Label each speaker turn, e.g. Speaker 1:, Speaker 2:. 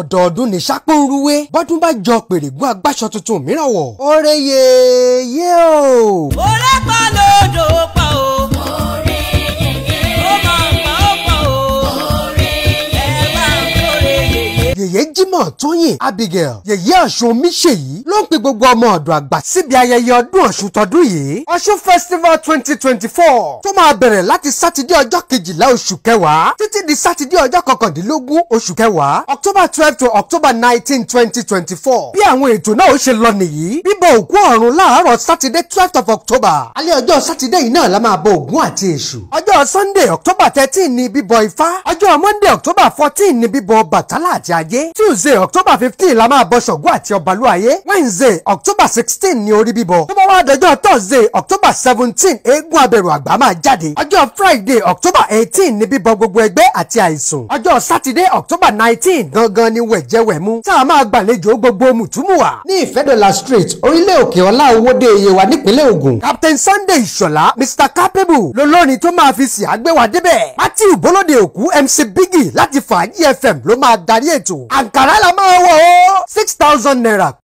Speaker 1: ọ̀dọ̀ọdún ní sápóoruwé bọ́dún bá jọ pèrègùn agbáṣọ tuntun mìíràn wọ̀. ó rẹ yeye yé o. ó pa lọ. Jimoh Tóyìn Abigail yèyé Ọ̀ṣun Omiṣèyí ló ń pe gbogbo ọmọ ọ̀dọ̀ àgbà síbi ayẹyẹ ọdún Ọ̀ṣun tọdún yìí Ọ̀ṣun festival twenty twenty four tó máa bẹ̀rẹ̀ láti sátidé ọjọ́ kejìlá oṣù kẹwàá títí di sátidé ọjọ́ kọkàndínlógún oṣù kẹwàá October twelve to October nineteen twenty twenty four bí àwọn ètò náà ó ṣe lọ nìyí bíbọ òkú ọ̀run láàárọ̀ sátidé twelve of October alẹ́ ọjọ́ sátidé yìí náà la máa bọ Ògún àti Èṣù ọjọ́ Sunday October thirteen ni bíbọ Ifá ọjọ́ Monday October fourteen ni bíbọ Bàtálá àti Ajé tuesday october fifteen la máa bọ ṣọ̀gbọ́n àti ọbalúayé wednesday october sixteen ni orí bíbọ tó bá wá dọjọ́ thursday october seventeen eégún abẹ̀rù àgbà máa jáde ọjọ́ friday october eighteen ní bíbọ gbogbo ẹgbẹ́ àti àìsùn ọjọ́ saturday october nineteen gangan ni wẹ̀jẹ̀wẹ̀mú tá a máa gbàlejò gbogbo mùtúmùwà ní ìfẹ́dọ̀là street orílẹ̀ òkè ọlá owóde yewa nípínlẹ̀ ògùn captain sunday ìṣọ̀lá mr capable lolórin tó máa fi sì àgbéwà débẹ̀ matthew bolóde òkú mc biggie láti fàájì fm ló máa darí six thousand naira